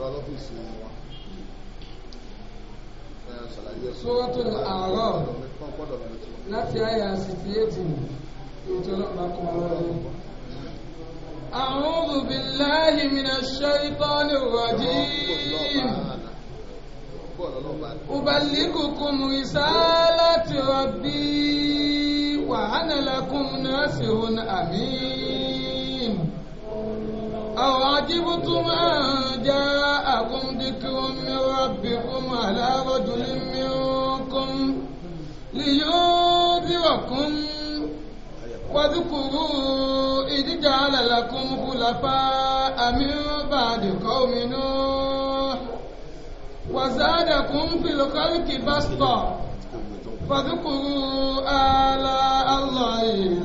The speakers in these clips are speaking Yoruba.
ẹ̀rọ lọ́fíìsì wa sọ́wọ́tò àárọ̀ láti àyà sixty eight ètò ọlọ́pàá kan ọ̀rọ̀ yìí. أعوذ بالله من الشيطان الرجيم أبلغكم رسالة ربي وأنا لكم ناصح أمين أو عجبتم أن جاء ربكم على رجل منكم لينذركم واذكروا إذ جعل لكم خلفاء من بعد قوم نوح وزادكم في الخلق بسطة فاذكروا آلاء الله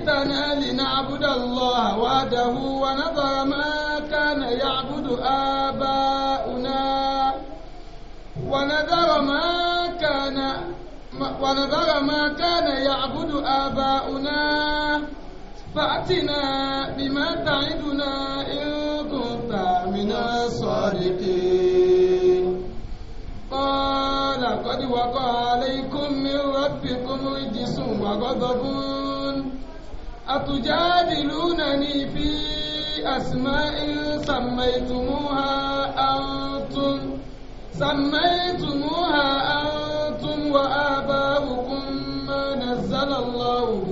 جئتنا لنعبد الله وحده ونذر ما كان يعبد آباؤنا ونذر ما كان ونذر ما كان يعبد آباؤنا فأتنا بما تعدنا إن كنت من الصادقين قال قد وقع عليكم من ربكم رجس وغضب أتجادلونني في أسماء سميتموها أنتم سميتموها أنتم وآباؤكم ما نزل الله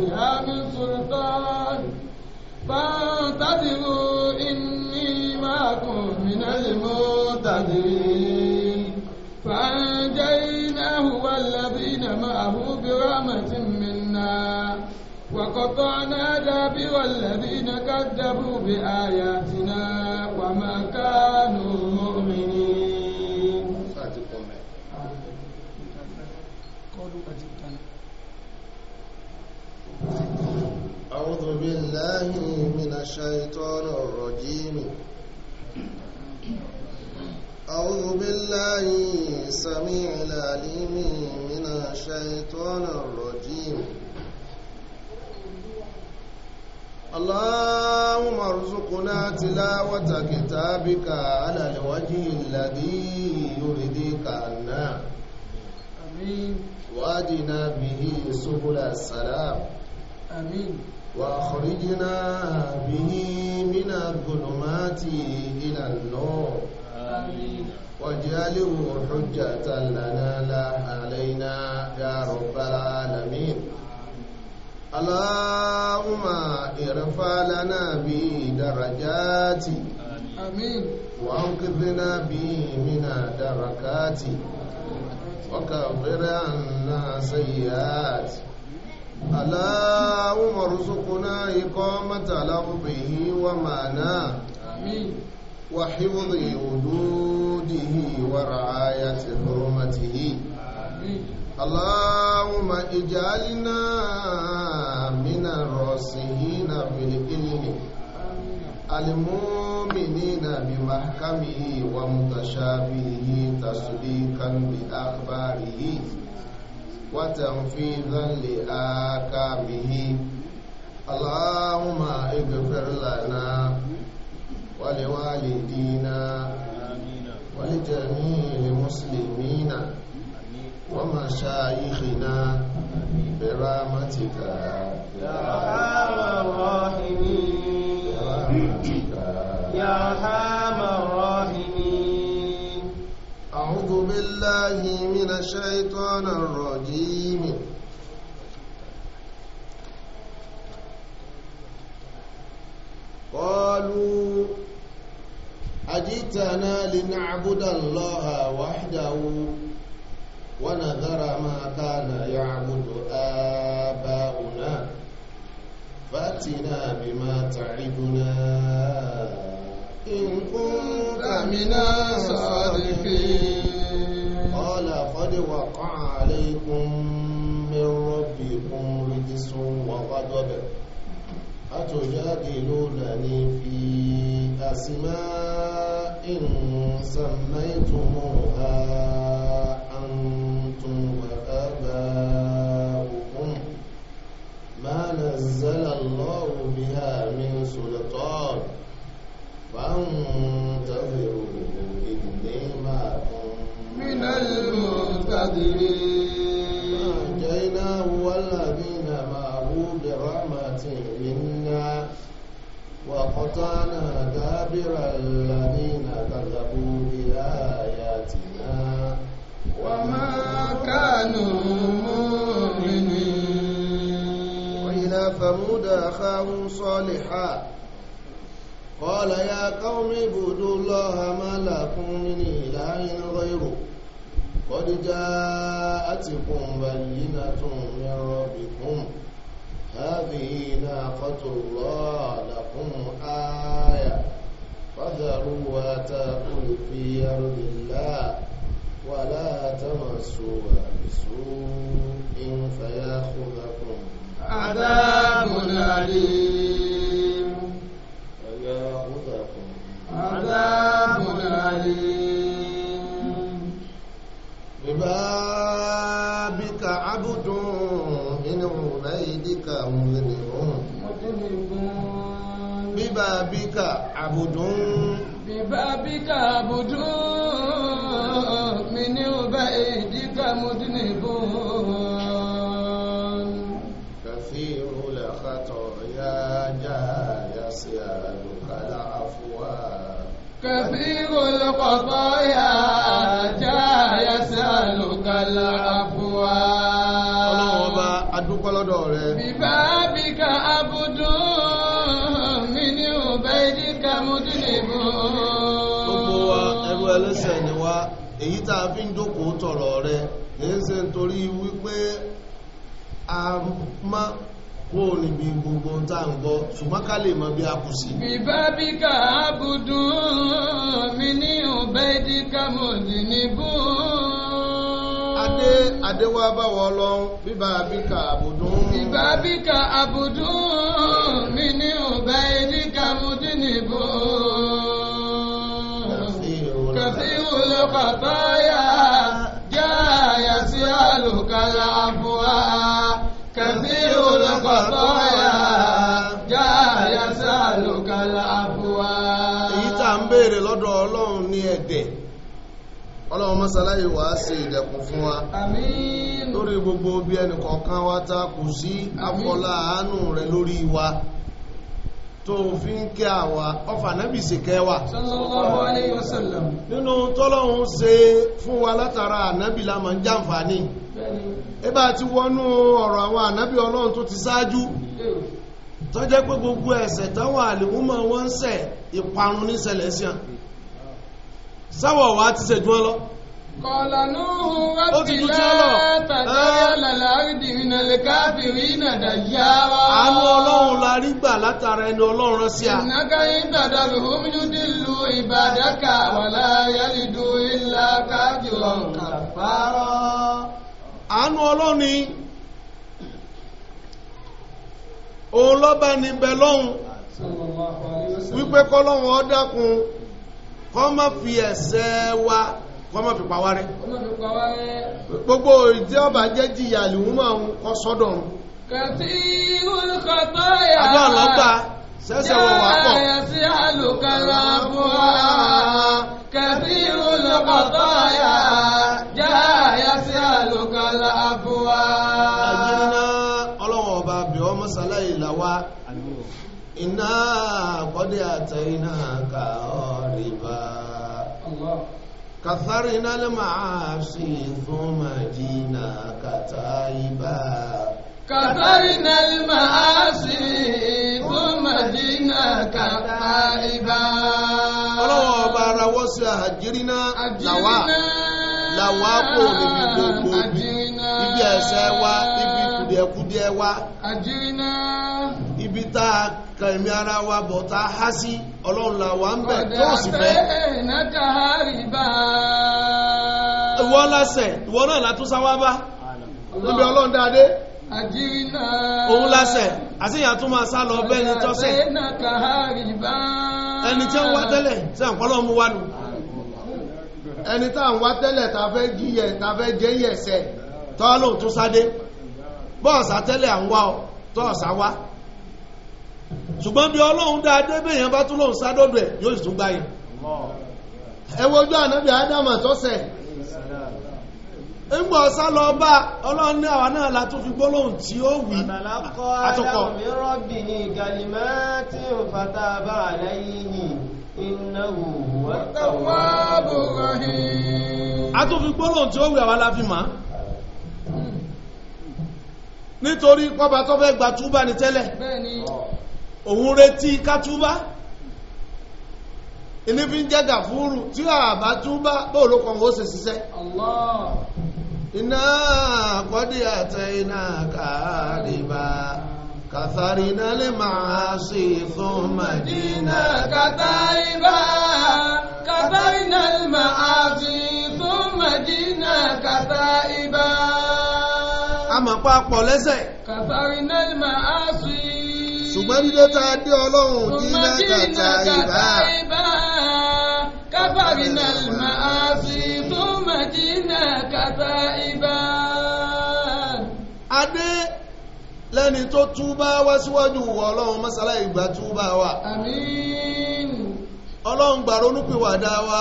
وقطعنا دابر الذين كذبوا بآياتنا وما كانوا مؤمنين أعوذ بالله من الشيطان الرجيم أعوذ بالله سميع العليم من الشيطان الرجيم اللهم ارزقنا تلاوة كتابك على الوجه الذي يرضيك عنا آمين وأدنا به سبل السلام آمين وأخرجنا به من الظلمات إلى النور آمين واجعله حجة لنا لا علينا يا رب العالمين اللهم ارفع لنا به درجات امين وانقذنا به من دركات وكفر عنا سيئات اللهم ارزقنا إقامة لغبه ومعناه وحفظ حدوده ورعاية حرمته آمين اللهم اجعلنا من الراسخين بالعلم المؤمنين بمحكمه ومتشابهه تصديقا بأخباره وتنفيذا لآكامه اللهم اغفر لنا ولوالدينا ولجميع المسلمين ومشايخنا برامتك يا أرحم الراحمين يا أرحم الراحمين أعوذ بالله من الشيطان الرجيم قالوا أجئتنا لنعبد الله وحده ونذر ما كان يعبد آباؤنا فأتنا بما تعدنا إن كنت من الصادقين قال قد وقع عليكم من ربكم رجس وغضب أتجادلونني في أسماء سميتموها القادرين أنجيناه والذين معه برحمة منا وقطعنا دابر الذين كذبوا بآياتنا وما كانوا مؤمنين وإلى ثمود أخاهم صالحا قال يا قوم اعبدوا الله ما لكم من إله غيره قد جاءتكم بينة من ربكم هذه ناقة الله لكم آية فذروها تأكل في أرض الله ولا تمسوها بسوء فياخذكم عذاب أليم فياخذكم عذاب أليم بابك عبد من عبيدك مذنب ببابك عبد ببابك عبد من عبيدك مذنب كثير الخطايا جاء يسألك العفو كثير الخطايا èyí tá a fi ń jókòó tọ̀rọ̀ rẹ kìí ṣe nítorí wípé a má kó o níbi gbogbo tá à ń gbọ́ ṣùgbọ́n ká lè mọ bí a kù sí. bíbá bí ká àbùdùn mi ní ọbẹ̀ dí ká mo dì ní bùn. adé adé wá báwọ lọ bíbá bí ká abudun. bíbá bí ká àbùdùn mi ní ọbẹ̀. خطايا جاء يسألك العفو كثير ń béèrè lọ́dọ̀ ọlọ́run ní ẹ̀dẹ̀ ọlọ́run mọ́sálàyé wá sí ìdẹ̀kùn fún wa lórí gbogbo obi ẹnìkọ̀ọ̀kan wa ta kù sí àánú rẹ̀ lórí wa. tòfin fi ń kẹ́ àwa ọfà sì wa nínú tọ́lọ́hun ṣe fún wa látara ànábì lámọ̀ ń ní ẹbá ti wọnú ọ̀rọ̀ àwọn ànábì ọlọ́run tó ti sáájú tó jẹ́ pé gbogbo ẹ̀ṣẹ̀ táwọn àlèmúmọ̀ wọ́n ń ṣẹ̀ ìparun ní sẹlẹ̀ṣẹ̀ sáwọ̀ wá ti قال نوح رب لا تجعل الأرض من الكافرين ديارا àánú ọlọ́run la rí látara ẹni ọlọ́run sí a. ìnáka ìbàdàlù omiyu dìlù ìbàdàkà wàlá yálìdù ìlà kájọ òun lọ́ba lọ́hùn wípé fi wa. kọ́ mọ̀ fi pàwá rẹ̀ gbogbo ìdí ọba jẹ́ jìyà lòun máa ń kọ́ sọ́dọ̀ ọ̀run. kàtí olùkọ́ tó yà á àjọ ọlọ́gbà sẹ́sẹ̀ wọ̀ wá pọ̀. yàrá yẹn sí àlùkàlà fún wa kàtí olùkọ́ tó yà á yàrá ọlọ́wọ̀n ọba bíọ́ mọ́sálàyé làwa iná àkọ́dé àtẹ̀yìn náà kà ọ́ rí bá. كثرنا المعاصي ثم جينا كتائبا كثرنا المعاصي ثم جينا كتائبا ọlọ́wọ́ ọba ara wọ́ sí àjírínà làwà làwà kò níbi kùdìẹ̀kùdìẹ̀ wa. ibi tá a ara wa bọ̀ tá a há sí ọlọ́run là wà ń bẹ̀ tó sì fẹ́. ọ̀dà tẹ́ nàkà àríbá. ìwọ lásẹ̀ ìwọ náà látúnṣá wá bá níbi ọlọ́run dáadé àjínà òun lásẹ̀ àṣíyàn tó máa sá lọ bẹ́ ẹni tọ́sẹ̀ ẹni tí ń wá tẹ́lẹ̀ tí à ń wá nù ẹni tá wá tẹ́lẹ̀ tá fẹ́ bọ́ọ̀sà tẹ́lẹ̀ à ń wá wá ṣùgbọ́n bí ọlọ́run dá adébẹ̀ bá tún lòun sádọ́dọ̀ ẹ̀ yóò sì tún báyìí yẹn ojú ànábì ádámà tọ́sẹ̀ ń gbọ́ sá lọ bá ọlọ́run ní àwa náà la tún fi gbólóhùn nítorí pọ́ba tó fẹ́ gba túbá ní tẹ́lẹ̀ òun retí ká túbá ilé fi ń jẹ́ gàfúrú tí àbá túbá bó ló kàn ó sì ṣiṣẹ́ iná àkọ́dí àtẹ iná kàálíbà kàtàrínà lè máa ṣe fún màdínà kàtàríbà kàtàrínà lè máa ṣe fún màdínà kàtàríbà àmọ́ pápọ̀ lẹ́sẹ̀. kàfàrí náà máa sùn yìí. ṣùgbọ́n dídé tá a dé ọlọ́run dínà kàtà ìbá. kàfàrí náà máa sùn yìí tó máa dínà kàtà ìbá. adé lẹ́ni tó túbá wá síwájú wọ ọlọ́run mọ́sálá ìgbà túbá wa. àmín. ọlọ́run gbàrónúpìwàdà wa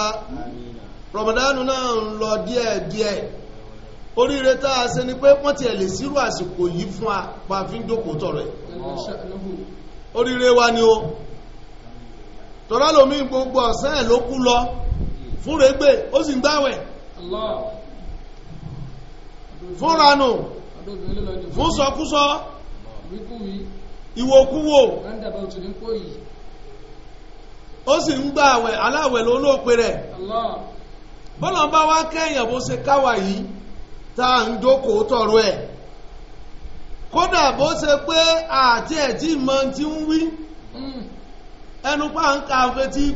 rọ̀mọ̀dánù náà ń lọ díẹ̀díẹ̀. oríire tá a ṣe ni pé wọ́n ti ẹ̀lẹ̀ sírò àsìkò yìí fún apá fi ń jókòó tọ̀rọ̀ ẹ̀ oríire wa ni o tọ́rọ lómi gbogbo ọ̀sán ẹ̀ ló kú lọ fún rẹ̀gbẹ̀ ó sì ń gbáwẹ̀ fún ranù fún sọkúsọ ìwòkúwò ó sì ń gbáwẹ̀ aláwẹ̀ lólóòpẹ̀ rẹ̀ bọ́lọ̀ bá wá kẹ́yìn bó ṣe yìí ta à ń jókòó kódà bó ṣe pé àti ẹ̀tí mọ ti ń wí hmm. ẹnu fetí ni.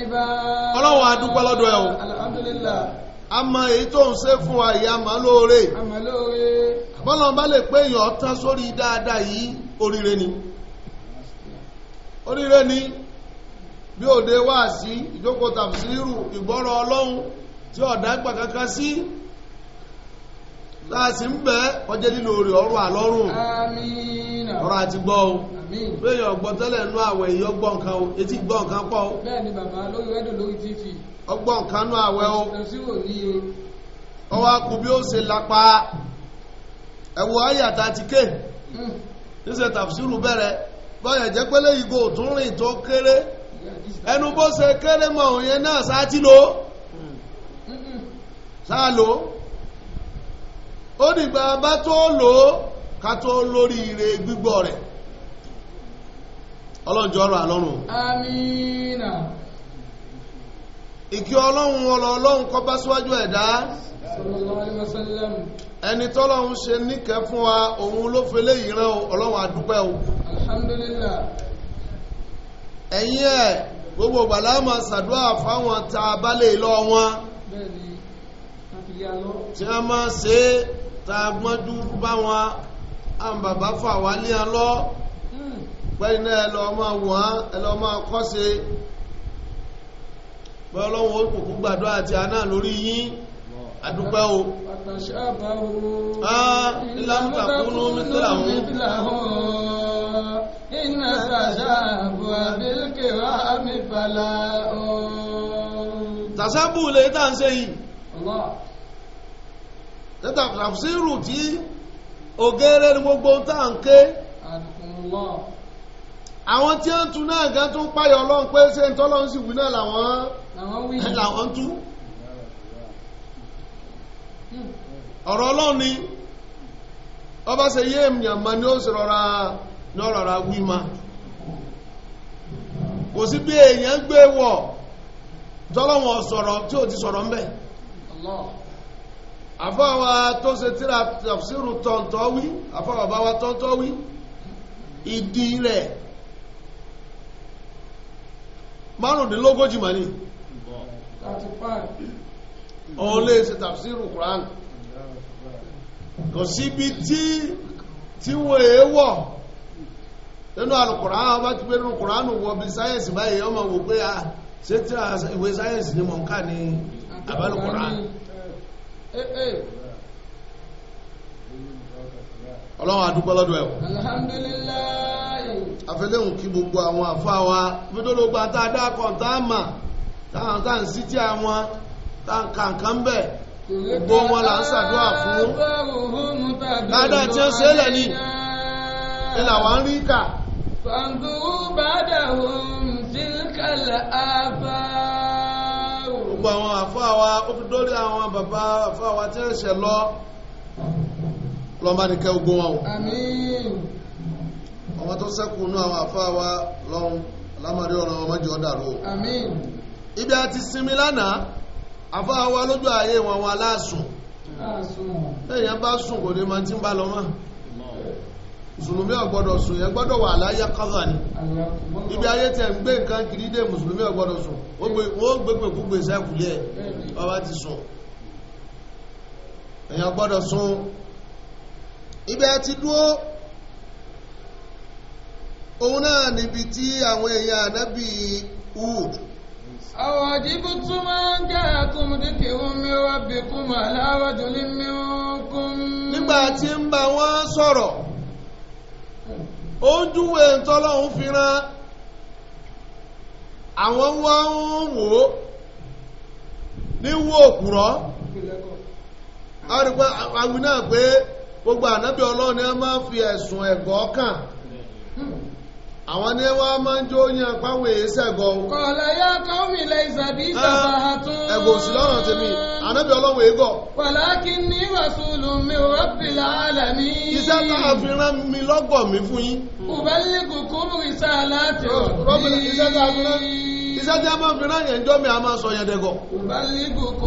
ìbá. Ọlọ́run lọ́dọ̀ ẹ̀ o. A mọ èyí tó ń lè pé èèyàn tán sórí dáadáa yìí ni. Oríire ni. bí òde wáàsí ìjókòó tàbísírù ìgbọ́rọ̀ ọlọ́run tí ọ̀dá gbà kankan sí ń bẹ́ ọjẹ́ lílo orí àlọ́rùn ọ̀rọ̀ àti gbọ́ o ọgbọ́n tẹ́lẹ̀ àwẹ̀ yìí ọgbọ́n etí gbọ́ nǹkan pọ̀ ọgbọ́n nú àwẹ̀ o ọwọ́ akú bí ó ṣe lápá ẹ̀wọ̀ tàbísírù bẹ̀rẹ̀ bọ́yẹ̀ jẹ́ pẹ́lẹ́ ìgò rìn tó kéré ẹnu bó ṣe kéré mọ̀ òun yẹn náà sáàtì lò sáà ó dìgbà bá tó lò ó ká tó lórí ire gbígbọ́ rẹ̀ ọlọ́njọ́ ọ̀rọ̀ àlọ́run. amina. ìkẹ́ ọlọ́run ọlọ́run kọ́ bá síwájú ẹ̀dá. ẹni tọ́lọ́run ṣe níkẹ́ fún wa òun ló fẹlẹ́ yìí ọlọ́run àdúpẹ́ o. alhamdulillah ẹ̀yìn ẹ̀ gbogbo gbàlá máa ṣàdúrà fáwọn tá a bá lè lọ wọn tí a máa ṣe tá a gbọ́njú bá wọn àwọn bàbá fà wá ní a lọ hmm. pẹ́yìn náà ẹ lọ máa wọ́n ẹ lọ máa kọ́ ṣe pé ọlọ́run ó gbàdúrà àti àná lórí yín adúpẹ́ o. ìlànà tàkùnú mi tó làwọn. إن الرجاء وبالكرام فلاء tàṣàbù lè tà ń ṣe yìí tẹ́tà tàfsírù tí ògèrè ni gbogbo tà ń ké àwọn tí ó ń tu náà gan tún páyọ̀ ọlọ́run pé ṣé ń tọ́lọ́ sì wí náà làwọn làwọn tú ọ̀rọ̀ ọlọ́run ni ọba ṣe yé èèyàn mọ́ ni ó sì rọra lọ́rọ̀ra wíma kò sí bí èèyàn gbé wọ̀ tọ́lọ́wọ̀n sọ̀rọ̀ tí ò ti sọ̀rọ̀ ń bẹ̀ àfọwà tó ṣe tíra tafsiru tọ̀ntọ́ wí àfọwà bá wa tọ̀ntọ́ wí ìdí rẹ̀ márùndínlógójì mọ̀ ní òun lè ṣe tafsiru Qur'an kò síbi tí tí wọ́n èé wọ̀ nínú alùkùrá ọba ti gbé nínú kùránù wọ bí sáyẹ̀nsì báyìí ọmọ wò pé ah, a ṣe tí ìwé sáyẹ̀nsì ni mọ̀ ń kà ní abálùkùrá eh, eh. ọlọ́run àdúgbọ́ lọ́dọ̀ ẹ̀wọ̀ afẹ́lẹ́hùn kí gbogbo àwọn àfáwa fídólógbà tá a dákọ̀ tá a mà táwọn tá à ń sí tí àwọn tá à kà nǹkan ń bẹ̀ gbogbo wọn là ń ṣàdúrà fún ládàá tí ó ṣe é lẹ́ni ìlà wà ń rí kà فانظروا gbogbo àwọn àfáà wa ó fi dórí àwọn bàbá àfáà wa tí ń ṣe lọ lọ́mọ nìkẹ́ ogun wọn o. àmín. tó sẹ́kù nú àwọn àfáà wa lọ́hùn lámàrí ọ̀rọ̀ wọn mọ́jọ́ dàrú. ibi àti sinmi lánàá àfáà wa lójú ààyè wọn wọn aláàsùn. aláàsùn. bá sùn kò lè máa ti ń bá lọ mọ́ mùsùlùmí ọ̀gbọ́dọ̀ sùn yẹn gbọ́dọ̀ wà láyé kọ́sà ni ibi ayé tẹ̀ ń gbé nǹkan kiri dé mùsùlùmí ọ̀gbọ́dọ̀ sùn wọ́n gbégbé gbogbo ìṣẹ́kùlé ọba ti sùn èèyàn gbọ́dọ̀ sùn ibẹ̀ ti dúó òun náà níbi tí àwọn èèyàn ànábì Hud àwọn àjíbù tún máa ń jẹ́ àtúndíkì omi wábìkún màláwájú ní mímú kún nígbà tí ń bá wọn sọ̀rọ̀ Ojuwe ń júwe ntọ́lọ́hún fi rán àwọn wá ń wò ó òkúrọ́ a rí pé àwọn gbogbo ànábì ni máa fi ẹ̀sùn ẹ̀gọ́ kàn. àwọn ni wọn máa ń jó yan páwọn èyí sẹ́gọ̀. kọ̀lá yá káwí ilẹ̀ ah, ìsàbí ìsàbà àtún. ẹ̀gbọ́n òsì lọrọ tèmi ànábì ọlọ́run èégọ̀. wàlá kí ní wàsúlù mi ò rabbil alamin. a fi rán mi lọ́gọ̀ mi fún yín. kùbálí kùkú ìṣá aláàtì òbí. a fi rán a máa fi rán yẹn mi a máa sọ yẹn kùkú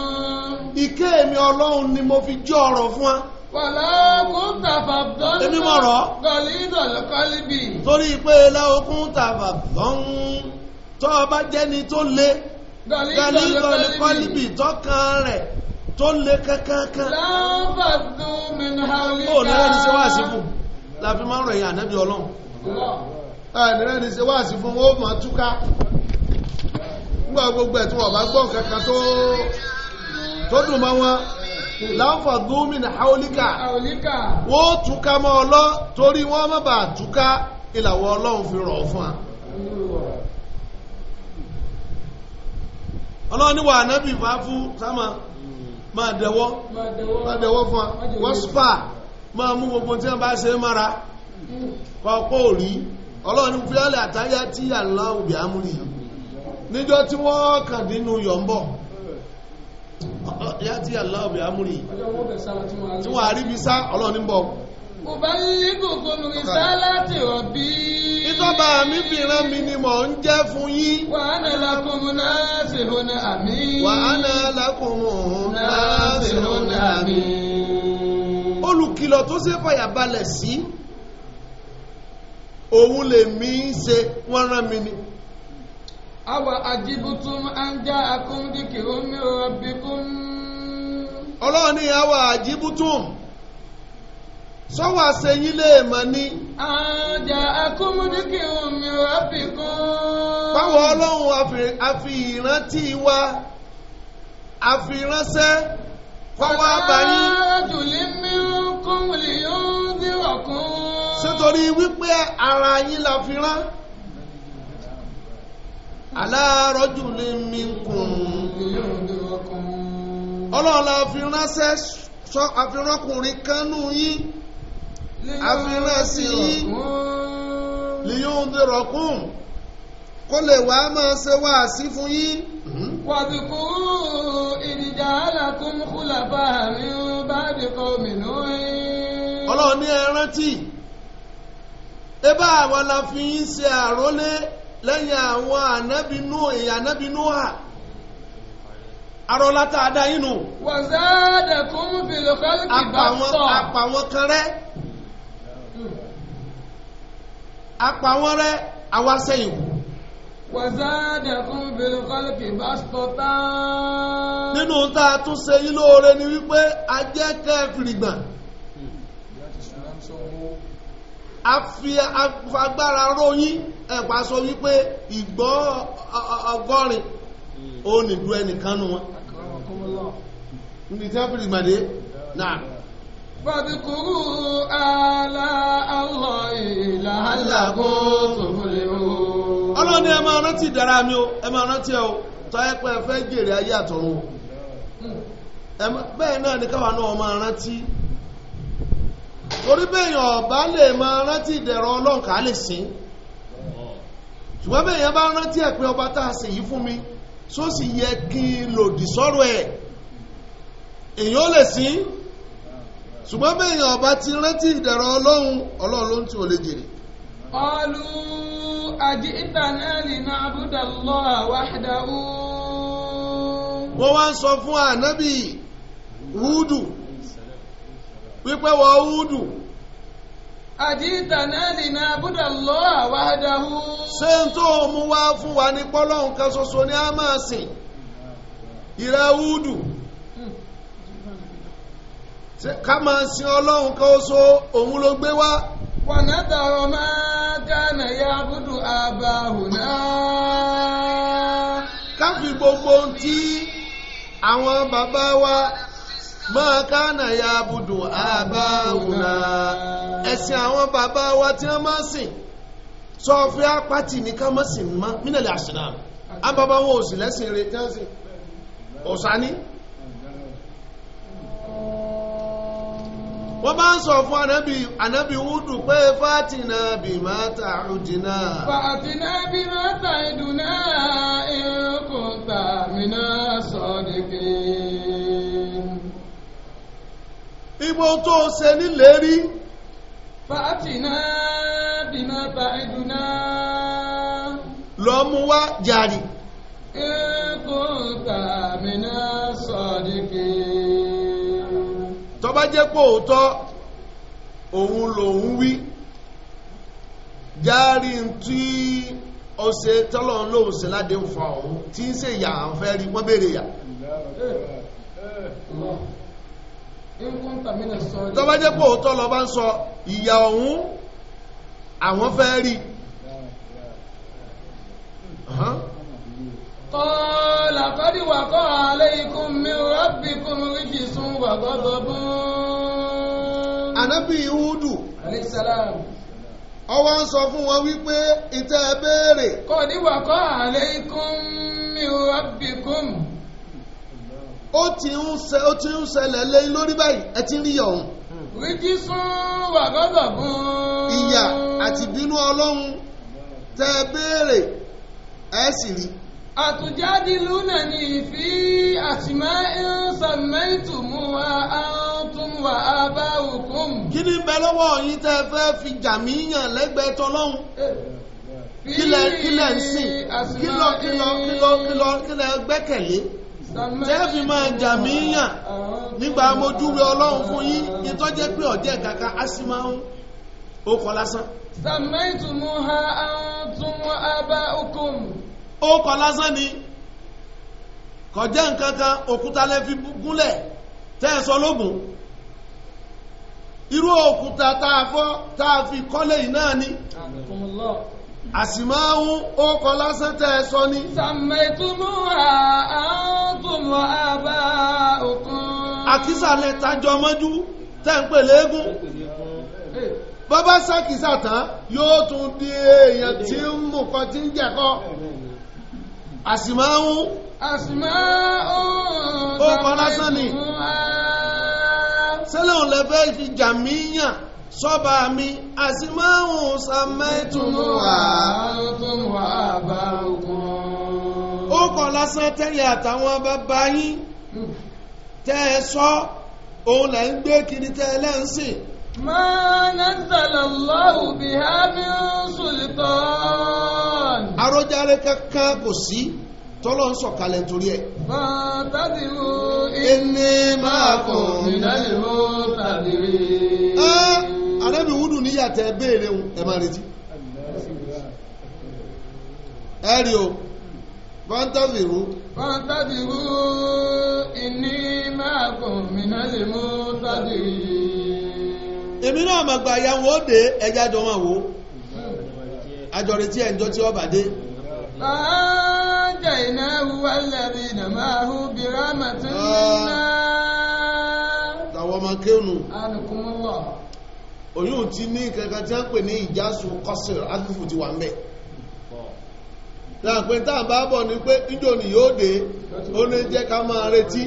ìkẹ́ èmi ọlọ́run ni mo fi jẹ́ ọ̀rọ̀ fún wa. Wàlá okun tàfà dán. Èmi mọ̀ rọ̀. Gọ̀lì ìdọ̀lọ́ kọ́líbì. Torí pé ilá okun tàfà dán. Tọ́ ọba jẹ́ni tó le. Gọ̀lì ìdọ̀lọ́ kọ́líbì tọ́kàn rẹ̀ tó le kankankan. Lábàdú mi ní Hàlíkà. Ó nírẹ́ ni ṣe wá sí fún. Làbí máa ń ròyìn ànábì ọlọ́run. Ẹ nírẹ́ ni ṣe wá sí fún, ó mọ̀ túká. Nígbà gbogbo ẹ̀ tí wọ́n bá gbọ́ kankan tó tó dùn mọ́ wọn láǹfà gómìnà haolíkà wọ́n túká mọ́ ọlọ́ torí wọ́n má bàa túká ìlàwọ̀ ọlọ́run fi rọ̀ fún wa. ọlọ́run ní wà ánábì bá fún sáma máa dẹ̀wọ́ máa dẹ̀wọ́ fún wa wọ́n spa máa mú gbogbo tí wọ́n bá ṣe é mára òrí ọlọ́run ní fúlẹ́lẹ̀ àtàyà tí àlọ́ òbí amúlì níjọ́ tí wọ́n kàn nínú yọ̀ ń bọ̀ yàtí aláwọ̀ bí amúrì tí wọ́n àrí mi sá ọlọ́ọ̀ni ń bọ̀. kò bá yí gbogbo mi sá láti ọ̀bí. ìtọ́ba mi fi mi ni mò ń jẹ́ fún yín. wà á nà lákùnrin náà sì lónà àmì. wà á nà lákùnrin náà sì òun lè mí ṣe wọ́n rán mi ni àwa àjibùtùm àǹjá àkúndìkì omi ọ̀bìkún. ọlọ́run ní àwa àjibùtùm sọ́wọ́ àṣeyín lè mọ̀ ní. àǹjá àkúndìkì omi ọ̀bìkún. báwo ọlọ́run àfi ìrántí wa àfi ránṣẹ́ fọwọ́ abayí. àjùlé mi kún lè yọ̀ ń kún. ṣé torí wípé ara yín la fi rán aláàrọ́jù lè mi kùn ọlọ́ọ̀la àfiránṣẹ́ sọ àfiránṣẹ́kùnrin kanú yín àfiránṣẹ́ yín lìyóhùn dèrò kùn kó lè wá máa ṣe wá sí fún yín. wàdùkú ìdìjà alákùn kúlàfà mi bá dìkọ̀ mìíràn. ọlọ́ọ̀ni ẹ rántí ẹ bá àwọn la fi ń ṣe àrólé. lẹ́yìn àwọn ànábínú èyà hà arọ́látà adáyínú wàzádẹ̀kún fìlọ̀kọ́lù kìbátọ̀ àpàwọn kan àpàwọn tán nínú tá a tún ṣe yí lóore ni wípé ajẹ́kẹ́ a fi agbára róyìn ẹ̀pà sọ wípé ìgbọ́ ọgọ́rin ó nìdú ẹnìkan nù wọn ní tẹ́bìlì gbàdé náà fàdíkúrú àlà àlọ́ ìlà àlàbò tòmúlẹ̀ o ọlọ́ni ẹ máa rántí ìdára mi o ẹ máa rántí ẹ o tọ́ ẹ pé ẹ fẹ́ jèrè ayé àtọ̀run hmm. bẹ́ẹ̀ náà ní káwa náà máa rántí torí bẹ́ẹ̀yàn ọ̀bá lè máa rántí ìdẹ̀rọ̀ ọlọ́run lè sìn ṣùgbọ́n bẹ́ẹ̀yàn bá rántí ẹ̀ pé ọba tá a sì yí fún mi só sì yẹ kí n lòdì sọ́rọ̀ ẹ̀ èyàn lè sìn ṣùgbọ́n bẹ́ẹ̀yàn ọba ti rántí ìdẹ̀rọ̀ ọlọ́run ọlọ́run ló ń tún olè jèrè. ọlù àjìntàná lè na àbúdà lọ àwàdà wọ́n wá ń sọ fún ànábì húdù wípé wọ húdù. àdìtà náà na abúdà lọ awa ṣé n tó mú wá fún wa ní pọ́lọ́hún kan ni a máa sìn ìrẹ́ húdù ká máa sin ọlọ́run kan ṣoṣo òun ló gbé wá. ونذر ما كان يعبد آباؤنا ká fi gbogbo ohun tí àwọn bàbá máa kánà ya abudu àbáwùnà ẹ̀sìn àwọn bàbá wa tí wọ́n máa sìn sọ fún apáti ní ká má sìn mọ́ mínàlẹ̀ àṣìlá àbábá wọn ò sì lẹ́sìn rẹ̀ tí wọ́n sìn ọ̀sání. wọ́n bá ń sọ fún anábì anábì wúdù pé fàtínà bí máa ta àrùdínà. fàtínà bí máa ta ìdùnnà ìrùkùn tàmínà sọ̀dẹ̀kẹ́ ibo tó ṣe nílérí. fàtínà bímọ bàdùnà. lọ mú wá jàre. ẹ̀kọ́ tàmínà sọ̀dìkì. tọ́ba jẹ́ pé òótọ́ òun lòun wí járí ntí ọ̀sẹ̀ tọ́lọ̀ lóhùn sí ládé ń fa tí ń ṣèyà àwọn fẹ́ rí wọ́n béèrè yà tó bá jẹ́ pé òótọ́ lọ bá ń sọ ìyà ọ̀hún àwọn fẹ́ rí kọ́ọ̀lá kọ́dí wà kọ́ alaykum min rabbikum rijsun wa ghadabun. ànábì Húdù ọwọ́ ń sọ fún wọn wípé ìtẹ́ béèrè. kọ́ọ̀dí wà kọ́ alaykum min rabbikum ó ti ń ṣe ó ti ń ṣẹlẹ̀ lẹ́yìn lórí báyìí ẹ ti ń rí ọ̀hún. ríjí sún wàgọ́dọ̀ bùn. ìyà àti ìbínú ọlọ́run tẹ béèrè ẹ sì rí. àtújáde lúnà ní ìfí àtìmá ìsàmẹ́tù mú wa àtún wà á bá òkun. kí ni bẹ lọ́wọ́ yín tẹ́ fẹ́ fi jàmíyàn lẹ́gbẹ̀ẹ́ tọ́lọ́hún kílẹ̀ kílẹ̀ ń sìn kílọ̀ kílọ̀ kílọ̀ kílẹ̀ gbẹ́kẹ̀lé tẹ́ẹ̀fì máa jà mí yàn nígbà mojúwe ọlọ́run fún yín ìtọ́jẹ́ pé ọ̀jẹ́ kàkà á sì máa ń ó kọ lásán. sàmẹ́tùmù ha àtúmù abá okòm. ó lásán ni kọjá nǹkan òkúta lẹ́fi gúnlẹ̀ tẹ́ẹ̀sọ lóògùn irú òkúta tá a fi kọ́lé yìí náà ni. àbẹ̀kùnmọ́ lọ́ọ̀ àsìmáhùn ó kọ lásán tẹ́ ẹ sọ ní. sàmẹ́tùmù àtùmù àbá òkun. àkísàlẹ̀ tajọ mọ́jú tẹ́ ń pè léegun. bàbá sàkísà tán yóò tún di èèyàn tí ń mú kan tí ń jẹ̀kọ́. àsìmáhùn. àsìmáhùn ó lásán ní. sẹ́lẹ̀ òun lè fẹ́ fi jàmíyàn. Sọba mi àsìmáhùn sàmẹ́tùmù àárùntùmù àbárùkùn. ó kàn lásán tẹ́lẹ̀ àtàwọn bàbá yín tẹ́ ẹ sọ òun ń gbé kiri tẹ́ ẹ lẹ́ǹsìn. ما نزل الله بها من سلطان àròjàre kankan kò sí tọ́lọ́ ń sọ̀kalẹ̀ torí ẹ̀. fàtàdìrú inni anábì wúdù níyàtẹ̀ béèrè ẹ máa retí o fọ́ntàbìrú. fọ́ntàbìrú ìní máa kùn mí lè mú tàbírí. èmi náà ya wọ́n ẹja jọ wọn wò àjọ retí ẹ̀ ń jọ tí wọ́n dé. iná wà lẹ́bi nà bìrà màtún náà. oyún ti ní kankan tí a ń pè ní ìjásù kọsìr agbífù ti wà ń bẹ̀ láàpẹ́ tá bá bọ̀ ni pé níjò ní yóò dé ó ní jẹ́ ká máa retí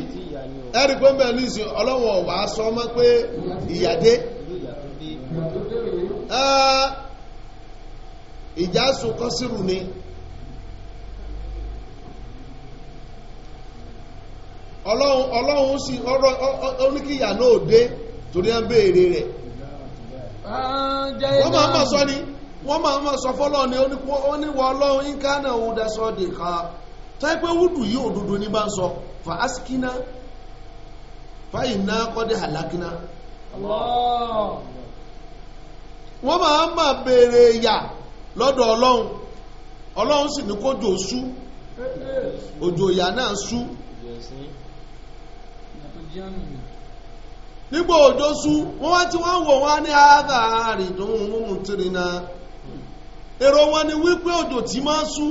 ẹ̀rí pé mẹ́rin ní ìsìn ọlọ́wọ̀n wà á sọ mọ́ pé ìyàdé ìjásù ni ọlọ́run sì oníkìyà náà dé torí ń wọ́n máa ń mọ̀ sọ ni wọ́n máa ń sọ fọ́lọ́ ni ó ní wọ́n ọlọ́run ń òun dẹ́sọ́ dè ká táyé pé wúdù yìí òdodo ní bá ń sọ fa asikina fa iná kọ́dé halakina. wọ́n máa ń mọ̀ béèrè ìyà lọ́dọ̀ ọlọ́run ọlọ́run sì ní kójò òsú, òjò ìyà náà sú. nígbà òjòsú wọ́n wá tí wọ́n wò wọ́n ní àádà àrídùn mùmùtìrìnà èrò wọn ni wípé òjò tí máa sú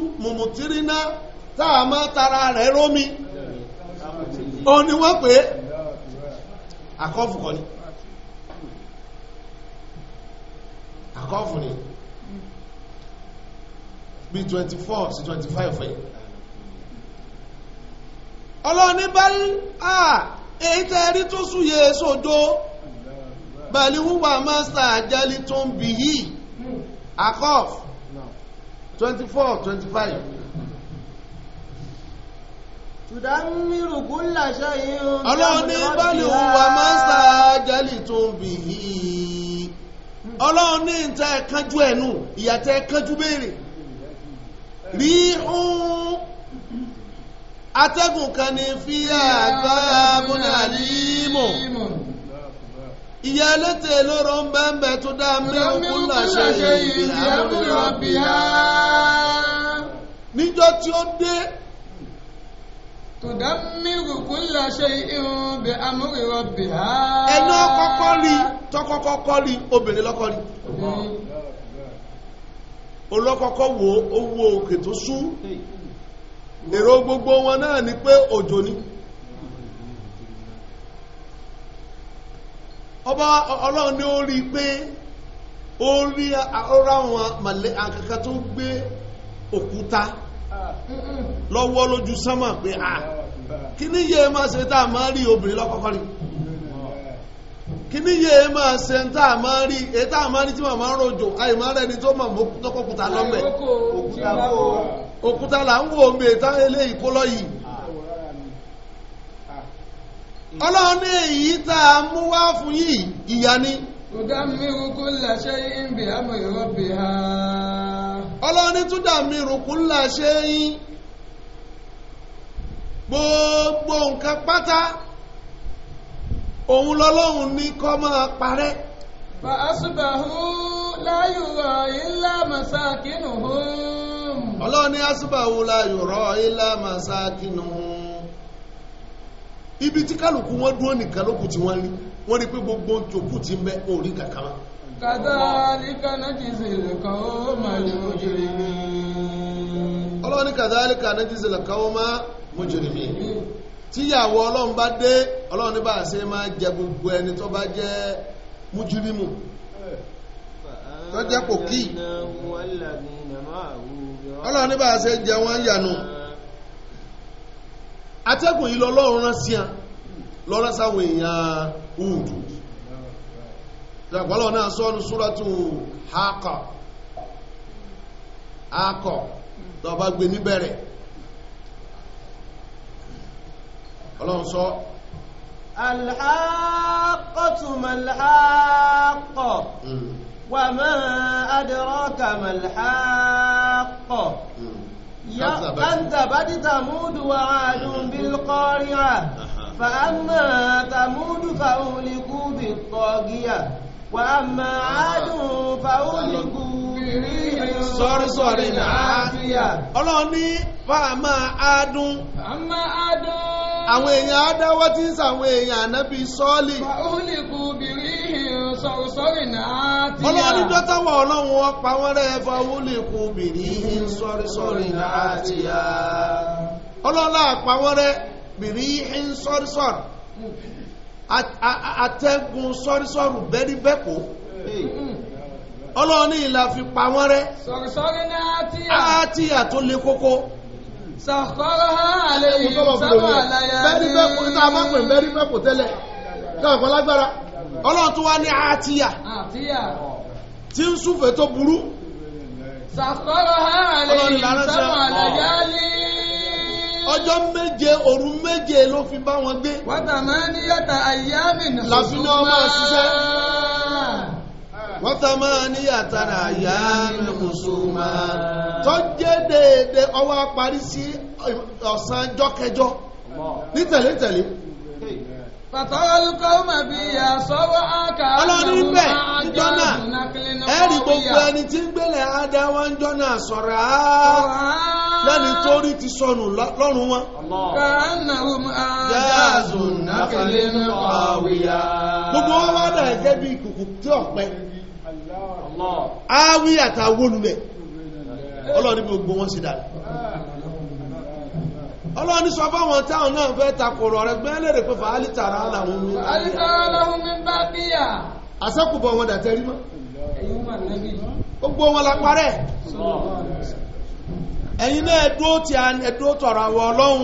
máa tara rẹ̀ rómi òun ni wọ́n pè é ni ni 24 25 ọlọ́ọ̀ni bá èyí tẹ́ rí tó súyè sódó pẹ̀lú wúwà mọ́sà jẹ́lí tó ń bì yìí akọ́f twenty four twenty five. Tùdámírù kúnlá ṣáyé omi. Ọlọ́run ní bọ́ọ̀lù wà máa ń tó ń bì í. Ọlọ́run ní ìta ẹ̀kánjú ẹ̀nu, ìyàtẹ̀ ẹ̀kánjú béèrè. Rí ń atẹ́gùn kan ní fíyà gbáàbùn àlímù ìyá elétè lóró ń bẹ́ẹ̀ tó dá mẹ́rin kúlà ṣe ìyàwó bíyà níjọ́ tí ó dé tùdámírù kúlà ṣe irun bẹ amúrírọ bẹ á. ẹnu kọ́kọ́ rí tọkọkọ kọ rí obìnrin lọkọ rí olọkọkọ wo owó òkè tó sún èrò gbogbo wọn náà ni pé òjò ni ọba ọlọ́run ni ó rí pé ó rí ọ̀rá wọn màlẹ́ àkàkà tó gbé òkúta lọ́wọ́ lójú sánmà pé à ah, kí ní yẹ máa ṣe tá a máa rí obìnrin lọ́kọ́kọ́ rí kíní yẹ ẹ máa ṣe ń tá a máa rí èyí tá a máa rí tí màmá ń rojò àyè máa rẹni tó màmá tọkọkùtà lọ́mẹ̀ òkúta là ń wo omi èyí táwọn eléyìí kó lọ yìí. ọlọ́run ní èyí tá a mú wá fún yìí ìyá ni. tudammiru kulla shay'in bi ọlọ́run ní gbogbo nǹkan pátá. òun lọ́lọ́run ní kọ́ máa parẹ́. fàásùbàhù láyùrọ̀ ilá màsákìnù hùm. ọlọ́run ní àsùbàhù láyùrọ̀ ibi tí kálukú wọn dúró nìkan tí wọ́n rí rí pé gbogbo jòkú ti ń bẹ orí kankan. kàdáàlíkà náà ti ṣe ó lè mi. náà ti ó tíyàwó ọlọ́run bá dé ọlọ́run níbà ṣe máa jẹ gbogbo ẹni tó bá jẹ mújúrímù tó jẹ́ pòkì ọlọ́run níbà ṣe jẹ wọ́n yànú atẹ́gùn yìí lọ́lọ́run rán sí àn lọ́rán sáwọn èèyàn hùdù ìjàgbọ́lọ́ náà sọ́nu súrọ́tù hákọ̀ hákọ̀ tó bá gbé níbẹ̀rẹ̀ ọlọ́run sọ alhaqqatu malhaqqa wa ma adraka malhaqqa كذبت ثمود وعاد بالقارعة فأما ثمود فأهلكوا بالطاغية وأما عاد فأهلكوا بريح صرصر عافية ọlọ́run ní fàmà àádùn. fàmà àádùn. àwọn èèyàn adáwọ́ tí ń èèyàn ànábì sọ́ọ̀lì. fàúlì kù bìrì sọ̀rọ̀sọ̀rì náà ti yà. ọlọ́run dọ́tàwọ̀ ọlọ́run wọn pa wọ́n rẹ̀ bìrì sọ̀rọ̀sọ̀rì náà ti yà. wọ́n sọ̀rọ̀sọ̀rì sọ̀rọ̀sọ̀rì ọlọ́run ìlà fi á ti le koko. sàkọ́rọ́há ha yìí sábà àlàyé. bẹ́ẹ̀ni bẹ́ẹ̀ kò tá a bá pè bẹ́ẹ̀ni bẹ́ẹ̀ kò tẹ́lẹ̀ káwọn kan lágbára ọlọ́run tó wá ní àtìyà tí ń súnfẹ́ tó burú. sàkọ́rọ́há àlẹ́ yìí sábà àlàyé ọjọ́ méje òru méje ló fi bá wọn gbé. wọ́n tà máa yàtà àyàmì nà. làfin máa ṣiṣẹ́ wọ́tàmá ní àtàrà àyà mẹ́kùsùmá tó jẹ́ déédé ọwọ́ parí sí ọ̀sán ọjọ́ kẹjọ ní tẹ̀léńtẹ̀lé ọlọ́rin bẹ̀ jọ́nà ẹ̀rì gbogbo ẹni tí ń gbélẹ̀ adáwà ń jọ́nà sọ̀rọ̀ lẹ́ni tó rí ti sọnù lọ́rùn wọn. gbogbo wọn wá dà gẹ́gẹ́ bí ìkùkù tí ọ̀pẹ áwí àtàwólulẹ̀ ọlọ́ni gbogbo wọn sí dáadáa ọlọ́ni sọ fáwọn táwọn náà fẹ́ takọ̀rọ̀ rẹ gbẹ́lẹ̀ rẹ̀ pé fàálì tààrà làwọn mi. fàálì tààrà làwọn mi bá bíyà. àṣẹ́kùbọ̀ wọn dàtẹ́rí mọ́. gbogbo wọn la parẹ́. ẹ̀yin náà ẹ̀dúró tí a ẹ̀dúró tọ̀rọ̀ àwọ̀ ọlọ́run.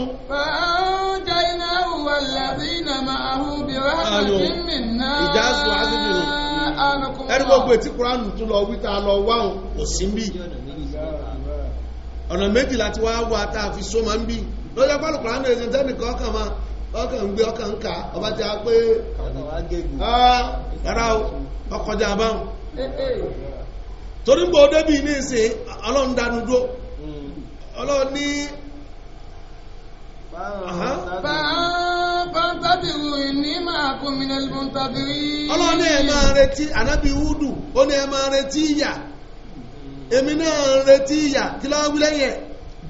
ọlọ iná wà iná máa náà. ìjà ẹni gbogbo lọ wí lọ wá òun kò sí mbí. ọ̀nà méjì láti wá wá tá a fi máa ń bí. lọ́jọ́ máa ọkàn ọba tí a pé. o eh, eh. torí gbòó ní ìsìn ọlọ́run ní fàǹtàdìrú ní máa kún mi lẹ́lẹ́mú tàbí. ọlọ́run ẹ̀ máa retí ànábì wúdù ó ní ẹ̀ máa retí ìyà èmi náà ń retí ìyà kí ló wí lẹ́yìn ẹ̀.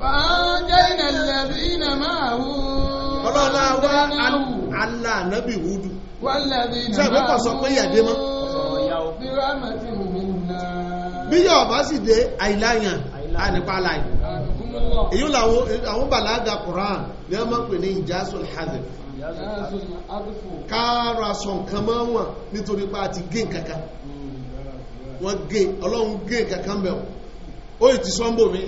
fàǹjẹ́ ìnàlẹ́bí iná máa wú. ọlọ́run náà wá àlà ànábì wúdù. wàlẹ́bí iná máa wú. sẹ́gbẹ́ kọ̀ sọ pé ìyàdé mọ́. bí rámẹ́tì mi nà. bí yóò sì dé àìláyàn àìnípa láì èyí làwọn bàlágà Quran ní a máa pè ní ìjásùn hazard káàrà sọ nǹkan máa wọ̀n nítorí pé a ti gé nǹkankan wọ́n gé ọlọ́run gé nǹkankan bẹ̀rù ó ì ti sọ́mbò mi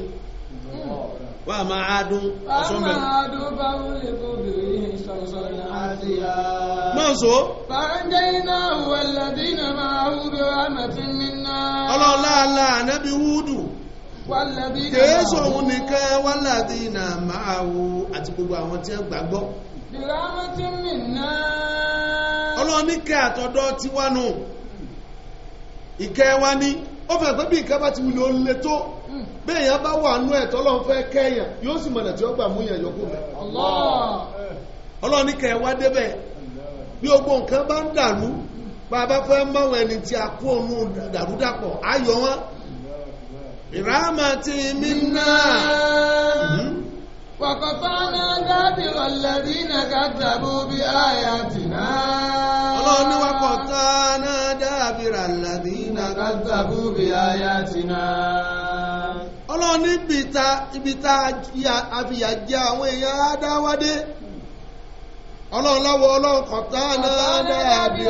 wà máa adún ọ̀sọ́mbẹ̀ máa so ọlọ́láàlá ànábí wú kèésù òun nìkan wálàdí ìnà máa wo àti gbogbo àwọn tí ń gbàgbọ́ ọlọ́run ní kẹ́ àtọ̀dọ̀ ti wá nù ìkẹ́ wá ní ó fẹ́ bí ìkẹ́ bá ti wulẹ̀ ó tó hmm. bẹ́ẹ̀ yẹn bá wà nù ẹ̀tọ́ fẹ́ yóò sì mọ̀nà tí ó gbà mú ọlọ́run ní kẹ́ wá débẹ̀ bí nǹkan برحمته منا وقطعنا دابر الذين كذبوا بآياتنا ní الذين كذبوا بآياتنا ọlọ́run ní ibìta ibìta àwọn èèyàn adáwádé ọlọ́run lọ́wọ́ ọlọ́run kọ̀tánà dàbí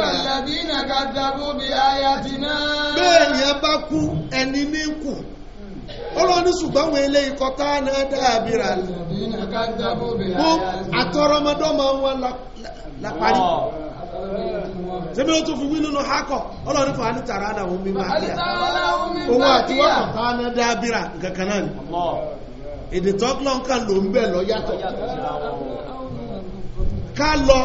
àyàtìná. bẹ́ẹ̀ bá kú ẹni ní kù. ọlọ́ni ṣùgbọ́n wọn ilé ikọ̀ tá a náà dàbí rà lọ. àtọrọmọdọ́mọ wọn la sẹ́mi ó tún fi hákọ̀ fún náà máa kíá. àti a náà kankan náà ni. èdè tọ́gbọ́n ló ń bẹ̀ ká lọ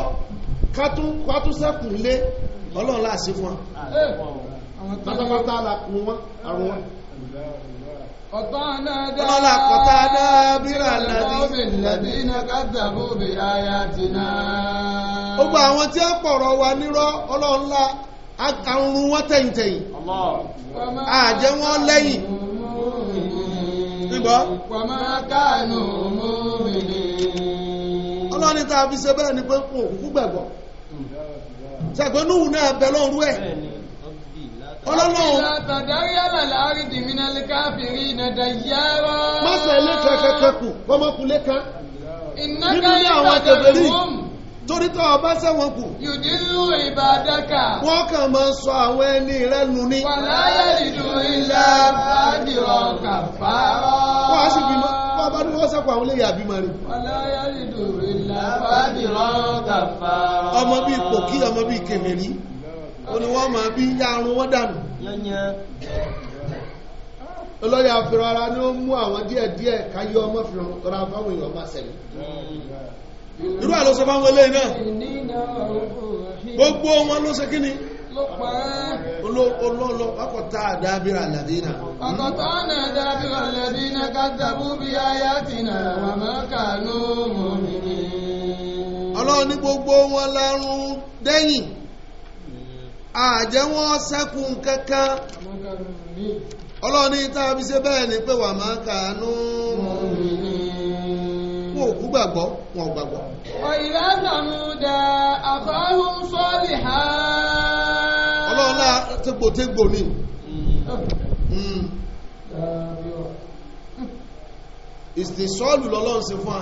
la kún wọn ọlọ́lá kọta dábírà lẹ́bí. gbogbo àwọn tí ó pọ̀rọ̀ wa nírọ́ ọlọ́ọ̀lá akarun wọn tẹ̀yìntẹ̀yìn àjẹ́ wọn lẹ́yìn nígbọ́. ọlọ́ni tá a fi ṣe bẹ́ẹ̀ ni pé kò kú gbẹ̀gbọ́ ṣàgbọ́nùhùn náà bẹ̀ lọ́rú ẹ̀ ọlọ́run. àtàdárí àlàlà àrídì mi náà lè káfíìrì ìnàdà yára. má ṣe ilé kankan kan kù kọ́mọkùnlé kan. ìnáka ìkàdà fún. torí tó ọba sẹ́wọ̀n kù. yòdìlú ìbàdàkà. wọ́n kàn máa sọ àwọn ẹni rẹ nù ní. wàláyà ìlú ilà àdìrọ̀ kàfàrọ̀. wọ́n á sì bímọ wọ́n bá ní sẹ́kọ̀ àwọn eléyà bímọ rẹ̀. wàláyà ìlú ilà àdìrọ̀ kàfàrọ̀. ọmọ bíi pòkí ọmọ bíi kèmẹ̀rí. ó ní wọ́n máa bí yá arun wọ́n dànù olóyè àfihàn ara ni ó mú àwọn díẹ̀díẹ̀ káyé ọmọ fi hàn tọ́ra fáwọn èèyàn bá sẹ̀lẹ̀ irú àlọ́sọ fáwọn eléyìí náà gbogbo wọn ló ṣe kí ni olóòlò akọ̀tà àdábìrà lẹ́dínà ọ̀kọ̀tà àdábìrà lẹ́dínà kàtàbù bí ayá tìnà wà mọ́kà ló mọ̀ mí ni ọlọ́run ní gbogbo wọn lárún dẹ́yìn àjẹ́ wọn sẹ́kù kankan ọlọ́ni tá a fi ṣe bẹ́ẹ̀ ni pé wà máa kàánú wọn ò kú gbàgbọ́ wọn ò gbàgbọ́. ọ̀yìnlá sàmúdà àfáhùn sọ́ọ̀lì ha. ọlọ́ọ̀lá tégbòtégbò ni. Hmm. ìsìnsọ́ọ̀lù lọ́lọ́run ṣe fún wa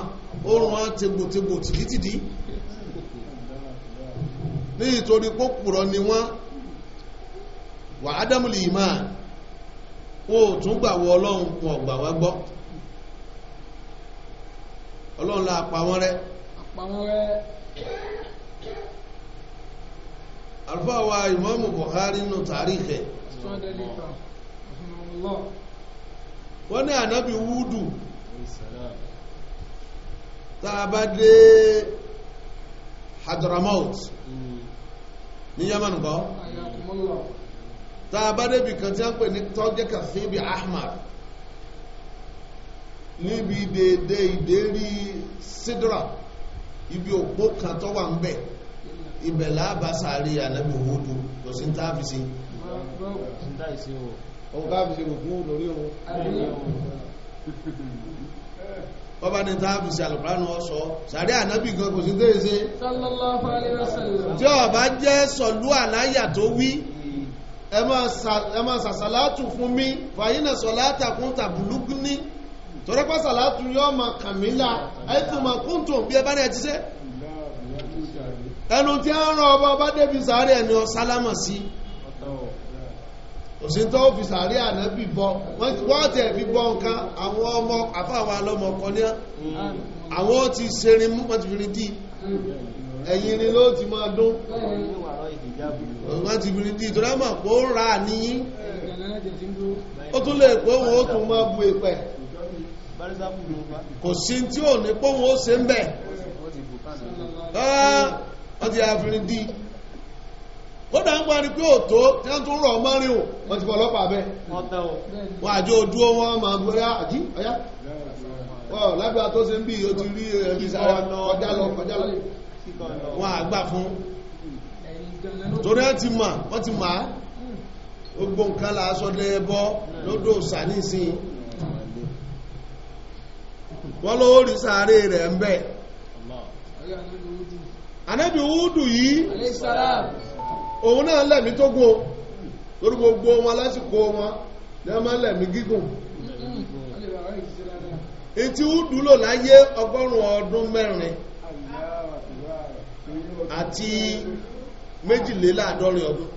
oorun wa tégbòtégbò tìdítìdí ní ìtorí pópùrọ̀ ni wọ́n wà ádámùlì ìmáà wọn ò tún gbàwọ ọlọ́run wọn ò wá gbọ́ ọlọ́run la pa wọ́n rẹ́ àlùfáà wa ìmáàmù Bukhari nù tàríkẹ̀ wọ́n ní ànábì wúdù tá a bá dé Hadramaut ní yamanu kọ́ tá a bá débi kan tí wọ́n pè ní tọ́jẹ́ kàfíbi ahmar níbi dèdè ìdérí sidra ibi òpó kan tó wà ń bẹ̀ ibẹ̀ láàbà sáré ànábì Húdù kò sí tá a fi sí. ọ̀hún ká fi ṣe kò fún lórí òun. bọ́bá ní tá a fi ṣe àlùkùránù ọ̀sọ́ sáré ànábì kan kò sí tẹ́ ẹ ṣe. sallallahu alaihi wasallam. tí ọba jẹ́ sọ̀lú àláyà tó wí ẹ máa sàṣàlátù fún mi fàyínà sọ̀látà kún tàbùlùkù ní tọ́rọpá sàlátù yọ́ ma kàmílà àìkùnmà kúntùn bí ẹbá rẹ̀ ti ṣe ẹnu tí a ń rán ọba ọba débi sàárì ẹni ọ̀sálámà sí òsìntọ́ ó fi sàárì ànábì bọ́ wọ́n tẹ̀ fi bọ́ nǹkan àwọn ọmọ àfáwọn alọ́mọ ọkọ ní àwọn ti ṣerin mú pàtìfìrí dì ẹ̀yìn ni ló ti máa dún wọ́n ti bìrì dí ìtura mọ̀ pé ó ń ra ó tún lè pé òun ó tún mọ́ bu ìpẹ́ kò sí tí ò ní pé òun ó ṣe ń bẹ̀ wọ́n ti àbìrì dí ó dá ń gbá ní pé òtó tí wọ́n tún rọ̀ ọmọ rí o wọ́n ti fọlọ́pàá bẹ́ wọ́n àjọ òdúró wọn máa bú ẹyá àjí ọyá lábẹ́ àtọ́sẹ́ ń bí o rí ẹ̀rí eh, torí ẹ ti mà wọ́n ti mà á gbogbo nǹkan ẹbọ lódò òsà nísìn wọ́n lówó rí sáré rẹ̀ ń bẹ̀ anábì wúdù yìí òun náà lẹ̀mí tó gùn lórí gbogbo wọn lásìkò wọn ní ọmọ lẹ̀mí gígùn lò láyé ọgọ́rùn-ún méjìléláàdọ́rin ọdún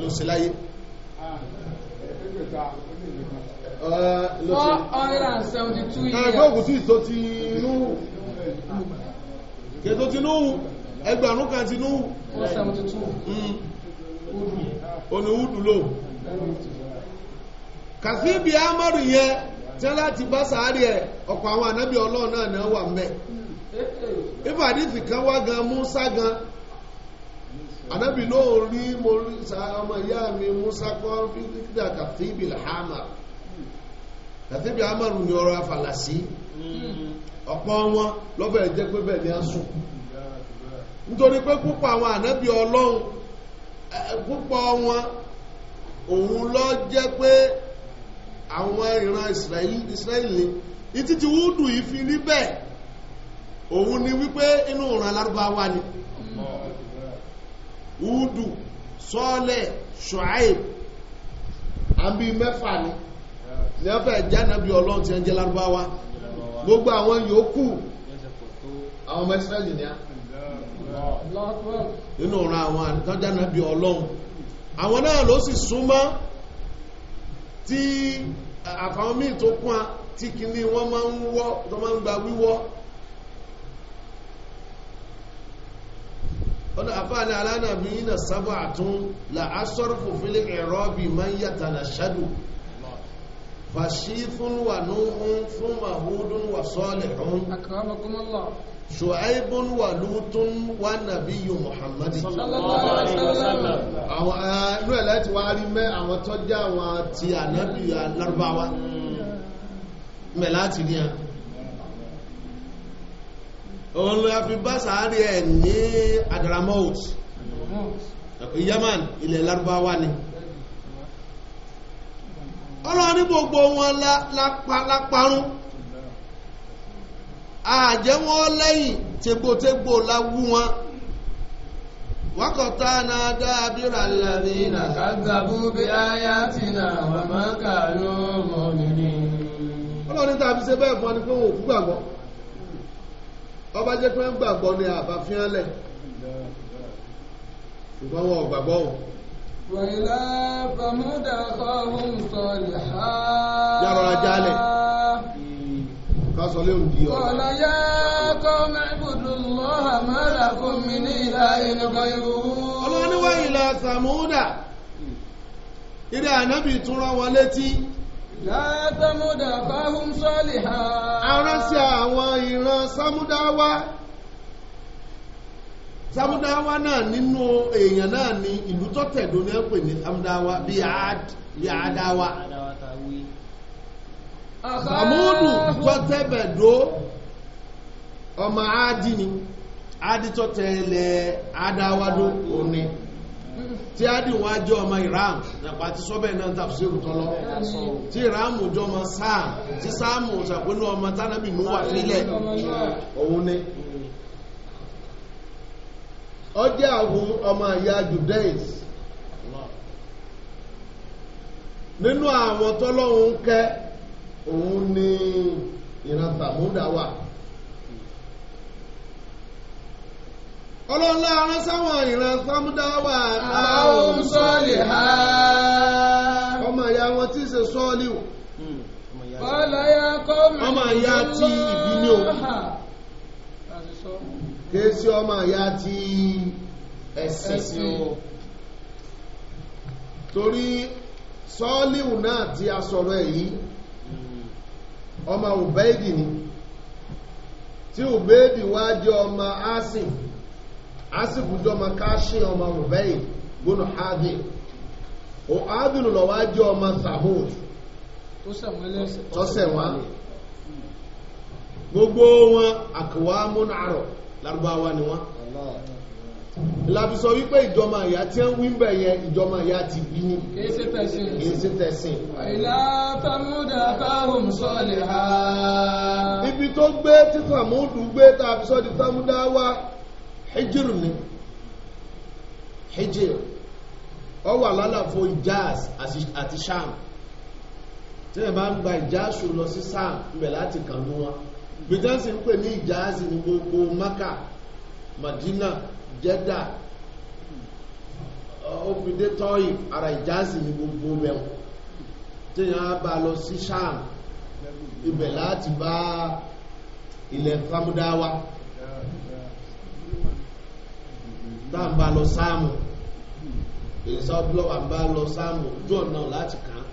ló sí láyé ẹgbẹ́gbùsí tó ti núhù kètò ti ẹgbẹ̀rún kan 172 núhù oníhùdù lò kàfíbi amọ́rù yẹ tí láti bá sàárì ẹ̀ ọ̀pọ̀ àwọn ànábì ọlọ́run náà náà wà mẹ́ ìfàdífì kan wá gan mú sá gan anábì náà rí mo rí ọmọ ìyá mi musa kọ́ fídíà kàtíbì hàmà kàtíbì hàmà rù ní ọ̀rọ̀ afàlàsí ọ̀pọ̀ wọn lọ́fẹ̀ẹ́ jẹ́ pé bẹ́ẹ̀ ni a sùn nítorí pé púpọ̀ àwọn ànábì ọlọ́run púpọ̀ wọn òun lọ jẹ́ pé àwọn ìran ìsírẹ́lì ìtìtì wúdù yìí fi rí bẹ́ẹ̀ òun ni wípé inú ìran lárúbáwá ni. Mm -hmm. Udu sọ́ọ̀lẹ̀ ṣùáìb àbí mẹ́fà ni ní wọ́n fẹ́ jẹ́ ànábì ọlọ́run tí wọ́n jẹ́ lárúbáwá gbogbo àwọn yòókù àwọn mẹ́sírẹ́jì ni á nínú ọ̀rọ̀ àwọn àtọ́jà ànábì ọlọ́run àwọn náà ló sì súnmọ́ tí àfàwọn míì tó kún a tí kìíní wọ́n máa ń gba wíwọ́ ọ̀nà àfáàní alánàbí iná sábà tún làásọ́rọ̀fù fílẹ̀ ẹ̀rọ bí máa ń yàtà nà ṣádù fàṣífún wà núhún fún mahudun wà sọ́ọ̀lẹ̀ ọ̀hún ṣùáìbùn wà lútún wà nàbí yóò muhammadi àwọn inú ẹ̀ láti wá rí mẹ́ àwọn tọ́jà wọn ti ànábì alárúbáwá mẹ́ láti ní àwọn òun ló fi bá sàárì ẹ̀ ní Adramaut Yaman ilẹ̀ Lárúbáwá ni ọlọ́run ní gbogbo wọn láparun àjẹ́ wọn lẹ́yìn tegbòtegbò láwú wọn wákọ̀tá náà dábìrà lẹ́yìn àkàgbàbú bí ayá ti nà wọ́n máa kà ló ni ọba jẹ́ pé ń gbàgbọ́ ni àbáfíán lẹ̀ ṣùgbọ́n wọn ò gbàgbọ́ o. wàhálà fàmúdà kọ́hún sọ̀rọ̀ ha. yàrá ajá lẹ̀ ká léwu di ọ. ọ̀la yá kọ́ mẹ́bùdù lọ́hà mẹ́rà mi ní ìlà ìnùkọ ìrù. ọlọ́ni wàhálà sàmúdà ilé ànábì tún rán wọn létí. látàmúdà fáhùn sọ́ọ̀lì ha. àwọn ìran sámúdáwá sámúdáwá náà nínú èèyàn náà ní ìlú tó tẹ̀dó ní ẹ̀pẹ̀ ní sámúdáwá àádáwá. àmúdù tó ọmọ tí a dì wá jẹ́ ọmọ iram nàpa tí sọ́bẹ̀ náà ń ta fún sèwùtọ́ lọ tí iram jẹ́ ọmọ sáà tí sáàmù ṣàpẹ́nu ọmọ tánàbì ní wà nílẹ̀ òun ni. ọ jẹ́ àwọn ọmọ ìyá judaism nínú àwọn tọ́lọ́hún kẹ́ òun ni ìran tàbúdà wà. ọlọ́lá arán sáwọn ìran sámúdáwà àwọn sọ́ọ̀lì ha ọmọ ìyá wọn tí ń ṣe sọ́ọ̀lì o ọmọ ìyá ti ìbíní o kìí sí ọmọ ìyá ti ẹ̀sìn o torí sọ́ọ̀lì náà tí a ẹ̀ yìí ọmọ òbẹ́ẹ̀dì ni tí òbẹ́ẹ̀dì wá jẹ́ ọmọ asin asibu jọma káṣí ọmọ rubẹ́yì gbónú hábì o ábìlù lọ́wọ́ jẹ́ ọmọ sahud tọ́sẹ̀ wọn gbogbo wọn àkùwá múnàárọ̀ lárúbáwá ni wọn ìlàbí sọ wípé ìjọmọ̀ ìyá tí ń wí bẹ̀ yẹn ìjọmọ̀ ìyá ti bí ní èsì tẹ̀sìn ìlà káhùn sọ́ọ̀lẹ̀ ha ibi tó gbé tí gbé tàbí sọ́ọ̀dì tàmúdà wá hijirni hijir ọ wà lálàfo ijaz àti sham tí ẹ bá ń gba ìjáàsù lọ sí sam ibẹ̀ láti kànú wọn gbìdánsì ń pè ní ìjáàsì ní gbogbo maka madina jeda obìnrin tọ́yì ara ìjáàsì ní gbogbo mẹ́wọ̀n tí ẹ bá lọ sí sam ibẹ̀ láti bá ilẹ̀ wa tá à ń bá lọ sáàmù èyí sáà búlọ̀ à ń bá lọ sáàmù ojú ọ̀nà láti kàn án.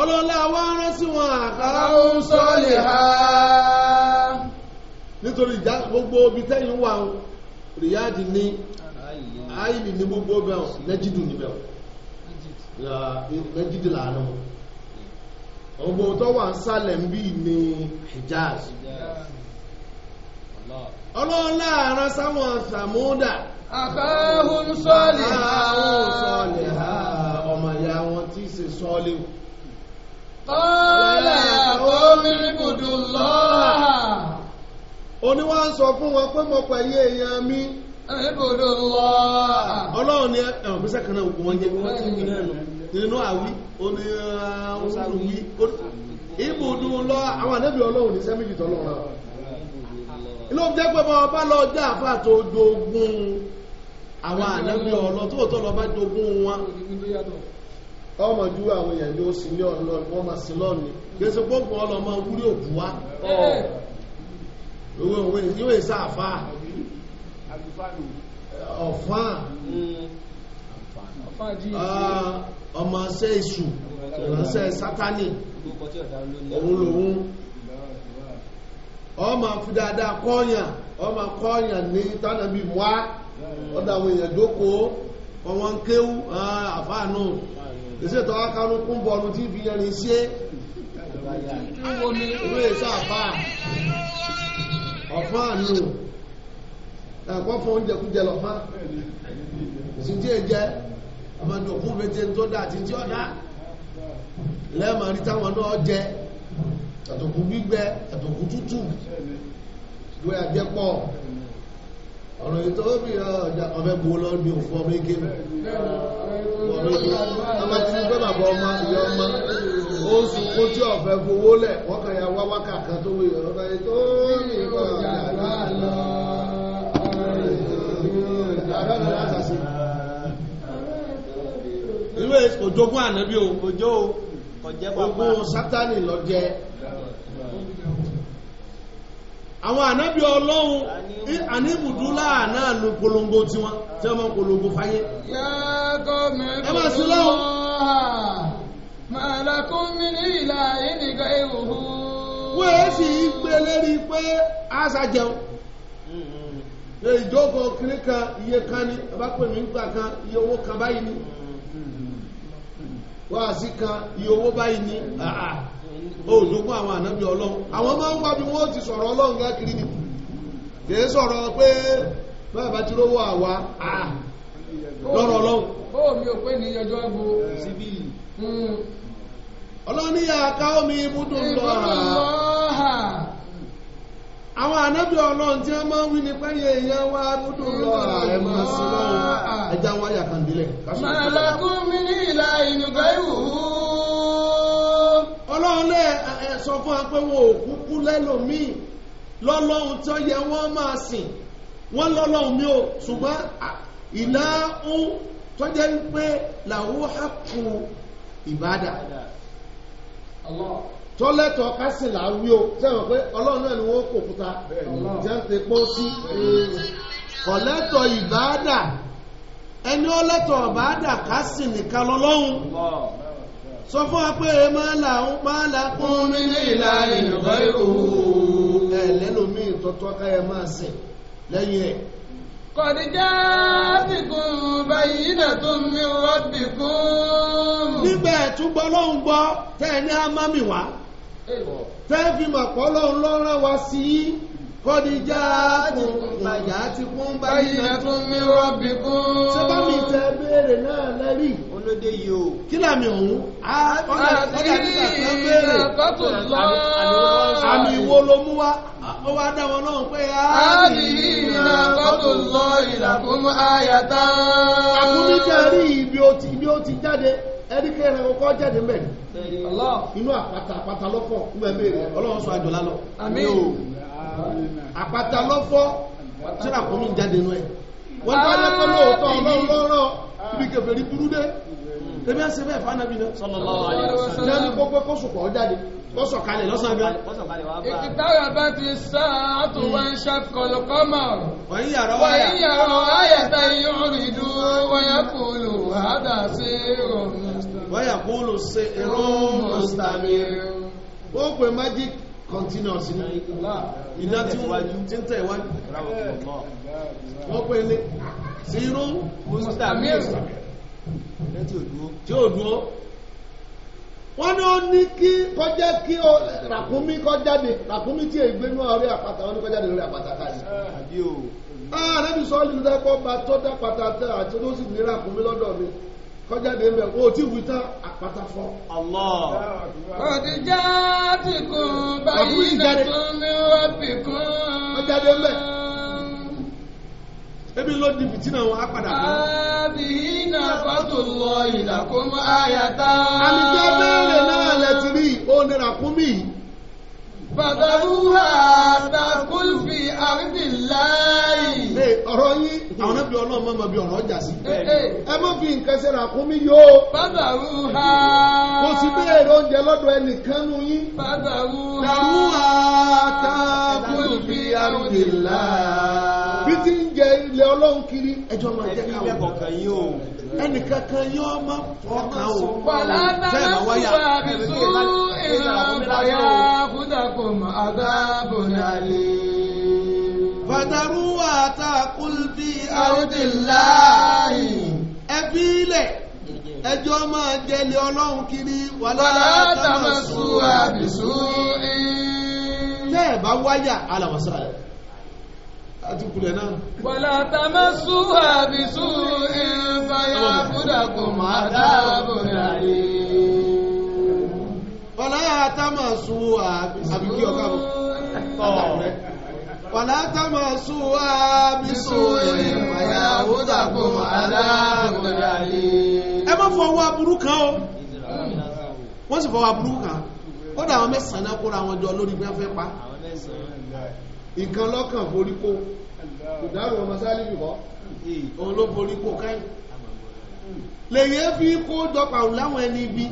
ọlọ́lá wa rán sí wọn àkàrà ó ń sọ́ọ̀lì ha nítorí ìjà gbogbo ibi tẹ́yìn wà ó rìyáàdì ní àìlì ní gbogbo bẹ́ẹ̀ lẹ́jìdù níbẹ̀ lẹ́jìdì làánú ọgbọ̀n tó wà ń sálẹ̀ ń bí ní Hijaz ọlọ́run láàárọ̀ sáwọn sàmúdà. àkàhùn sọ́ọ̀lì ha. àkàhùn sọ́ọ̀lì ha ọmọ ìyá wọn tí í ṣe sọ́ọ̀lì. kọ́lá omi ibùdó lọ́ha. oníwà ń sọ fún wọn pé mo pẹ̀ yé èèyàn mi. ibùdó lọ́ha. ọlọ́run ni ẹ̀wọ̀n pẹ́sẹ́ kan náà wọ́n jẹ́ wọ́n ti wí náà nínú àwí oní ọ̀hún wí. ibùdó lọ́ha àwọn ànábì ọlọ́run ní sẹ́mìlì tọ́lọ́run náà ló jẹ́ pé bọ́ ọba lọ jẹ́ àfà tó jogun àwọn ànábì ọlọ tó tọ́ lọ bá jogun wọn ọmọ ju àwọn èèyàn yóò sí ní ọ̀nà wọn sí lọ́ọ̀ni gbèsè gbogbo ọlọmọ wúrí òkú wa ìwé ìwé ìwé ìsáàfà ọ̀fán ah, ọmọ ṣe èṣù ìránṣẹ́ sátánì òun lòun ma fi dáadáa kọ́ọ̀yàn ọmọ kọ́ọ̀yàn ní tánàbí wá ọ̀dà àwọn èèyàn jókòó ọmọ ń kéwú àfáànù ìṣètò akánú kún bọ́ọ̀lù tí fi yẹn ní ṣe ìwé ìṣàfà ọ̀fáànù fún oúnjẹ kújẹ táwọn náà tàtòkù gbígbẹ tàtòkù tútù ìwé àjẹpọ̀ ọ̀rọ̀ ètò òbí ọ̀fẹ́ gbowó lọ bí òfò ọmọ ike ọmọ ike ọmọ tí ní gbọ́nà bọ ọmọ ìyá ọmọ ó sùn kó tí ọ̀fẹ́ gbowó lẹ̀ wọ́n kàn ya wá wákà kan tó wé ọ̀rọ̀ ètò òbí ọjà lọ ìlú òjogún ànábí o òjò o ògùn sátánì lọ jẹ àwọn ànábì ọlọ́run àníbùdú láàánà lu polongo tí wọ́n tí wọ́n polongo fáyé ẹ máa sí lọ́wọ́ wọ́n èé sì gbé lérí pé a ṣàjẹun mm-hmm. ìjókòó kiri kan iye kan ní ọba pè mí gbà kan iye owó kan báyìí ni. Mm-hmm. wọ́n kan iye owó báyìí ní olùkọ́ àwọn ànábì ọlọ́run àwọn máa ń wá bí wọ́n ti sọ̀rọ̀ ọlọ́run lákìrí ni kìí sọ̀rọ̀ pé bàbá ti rówó àwa lọ́rọ̀ ọlọ́run ó mi ò pé ní ọjọ́ ẹgbò síbí hmm. ọlọ́níyà ká omi ibùdó lọ́ha àwọn ànábì ọlọ́run tí wọ́n máa ń wí ní ibùdó ọlọ́run lẹ́ sọ fún wa pé wọn ò kúkú lẹ́lòmíì lọ́lọ́run tó yẹ wọ́n máa sìn wọ́n lọ́lọ́run mi ò ṣùgbọ́n ìlà ń tó jẹ́ wípé làwọn hàkù ìbádà tọ́lẹ́tọ̀ o sẹ́wọ̀n pé ọlọ́run náà ni wọ́n kò ìbádà ẹni ọlẹ́tọ̀ sọ fún wa pé máa là kún mí ní ìlà ìrìnàgbọ́ ìrò ẹ̀ lẹ́nu mi ìtọ́tọ́ káyẹ máa sìn lẹ́yìn ẹ̀ kọ̀díjá bìkún báyìí nà tó mi wọ́n bìkún. nígbà ẹ̀túgbọ́ ló ń gbọ́ tẹ́ ẹ ní ámámì wá tẹ́ fi mọ̀ lọ́run lọ́rọ̀ wá sí i. kọ́ni já kún ti kún báyìí náà tún mi rọ́bì kún. sọ́bà mi tẹ béèrè náà lẹ́rì. olóde yìí o. kí làmì ọ̀hún. ọ̀nà ọ̀gá nígbà wọ́n béèrè. lọ. àmì wo ló mú wá. ó wá dá wọn náà pé. àmì ìrìnà lọ ibi ó ti jáde. ẹni pé kọ́kọ́ jáde mẹ́rin inú àpáta àpáta lọ́fọ̀ nígbà mẹ́rin ọlọ́run sọ àjọlá lọ àpáta lọ́fọ̀ síra kò ní jáde nú ẹ wọ́n bá lọ́kọ́ lóòótọ́ ah, ọlọ́run ibi ah. kẹfẹ́ rí burú dé ebi ẹsẹ bẹ́ẹ̀ fanabi náà sọlọ́lá ọ̀rẹ́ sọlọ́lá ní gbogbo kó sùpọ̀ jáde lọ́sọ̀kalẹ̀ lọ́sàn-án gan. ìtara bá ti sá àtúwá ń ṣàkọlù kọ́mọ̀. wọ́n yàrá wáyà. wọ́n yàrá wáyà tá yóò rí dúró wáyà kúlù àdá sí ìrọ̀rùn. wáyà kúlù sí ìrọ̀rùn mùsùlùmí. ó pè magic continuous ní iná tí ń tẹ̀ wájú. wọ́n pè ní zero mùsùlùmí. tí ò dúró wọ́n ní ó ní kí kọjá kí ràkúnmí kọjáde ràkúnmí tí èyí gbénú ọ̀rẹ́ àpáta wọ́n ní kọjáde lórí àpáta káyìí. Ah, àrẹ́bí sọ lílu dẹ́kọ́ bá tó dá pàtà tẹ àti tó sì ní ràkúnmí lọ́dọ̀ mi kọjáde ń bẹ̀ wọ́n ò tí wí tán àpáta fọ́. ọ̀dìjà ti kún báyìí ìdàtún ní wọ́n fi kún. kọjáde ń bẹ̀ ebi ló di fìtínà wọn á padà bọ̀. àbíyí náà fọ́tò lọ ìdàkùn àyàtà. àlùjọ mẹ́rin náà lẹ ti rí onira fún mi. bàtàrúhà takùlfì àrídìláì. ọ̀rọ̀ yín àwọn ẹbí ọlọ́run máa ma bí ọ̀rọ̀ ọjà sí. ẹ má fi nǹkan ṣe rà fún mi yóò. bàtàrúhà. kò sí béèrè oúnjẹ lọ́dọ̀ ẹnìkan nù yín. bàtàrúhà takùlfì àrídìláì ilẹ̀ ọlọ́run kiri ẹjọ́ máa jẹ́ káwọn ẹnìkankan yóò máa fọ́ọ̀kan o bẹ́ẹ̀ máa wáyà fàdàrúwà tàkùlbí àwòdìláì ẹbí ilẹ̀ ẹjọ́ máa jẹ́lẹ̀ ọlọ́run kiri wà látàmásù àbìsù ẹ̀ bá wáyà alàwọ̀sára àtúkulẹ̀ náà. wàlá tamassu àbísù ìfàyà fúdàkùn máa dáàbò ráyè. wàlá tamassu àbísù ìfàyà wàlá tamassu àbísù ìfàyà fúdàkùn máa dáàbò ráyè. ẹ má fọwọ́ aburú kan o wọ́n sì fọwọ́ aburú kan kódà àwọn mẹ́sàn-án kóra àwọn jọ lórí bí wọ́n fẹ́ pa nǹkan lọ́kàn forí kó kò dárò ọmọ sálíbì bọ́ òun ló forí kó káyìn lèyìn fi kó dọ́pàù láwọn ẹni ibi bí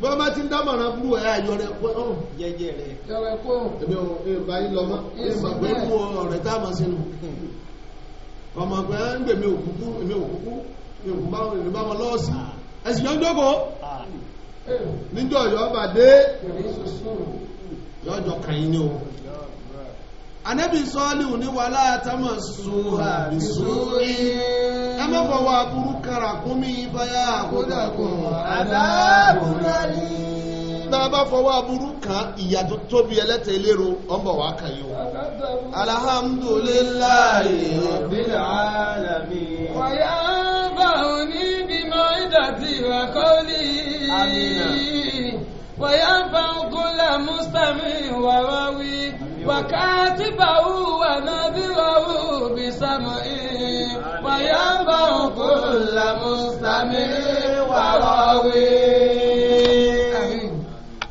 wọ́n bá ti ń dámọ̀ràn búrú ẹ̀ ayọ̀ rẹ̀ pé ọ̀hún jẹjẹ rẹ̀ ẹ̀rẹ̀ kó ẹ̀mí ọ̀hún ìbá yín lọ́mọ́ ìmọ̀ pé mú ọ̀rẹ́ tá a mọ̀ sínú ọmọ pé ń gbè mí òkúkú èmi òkúkú mi òkú bá wọn èmi bá wọn lọ́wọ́ sí ẹ̀sìn yọ́n jókòó níjọ́ ọ̀yọ́ bàdé yọjọ kan yín o anabi sọ́ọ́lì òní wà látàmà sùúhà bí ẹ má fọwọ́ aburú kara kún mi báyà àkódàkùn àdáàbùnálì. tá a bá fọwọ́ aburú kan ìyà tóbi ẹlẹ́tẹ̀ eléro ọmọ wa kà yìí o. alhamdulillahi rabbil alamin. wàyà bá òní bímọ ìdàtì ìwà kọ́lì. amina. وينفع كل مستمع وراوي وكاتبه ونذره بسمعه وينفع كل مستمع وراوي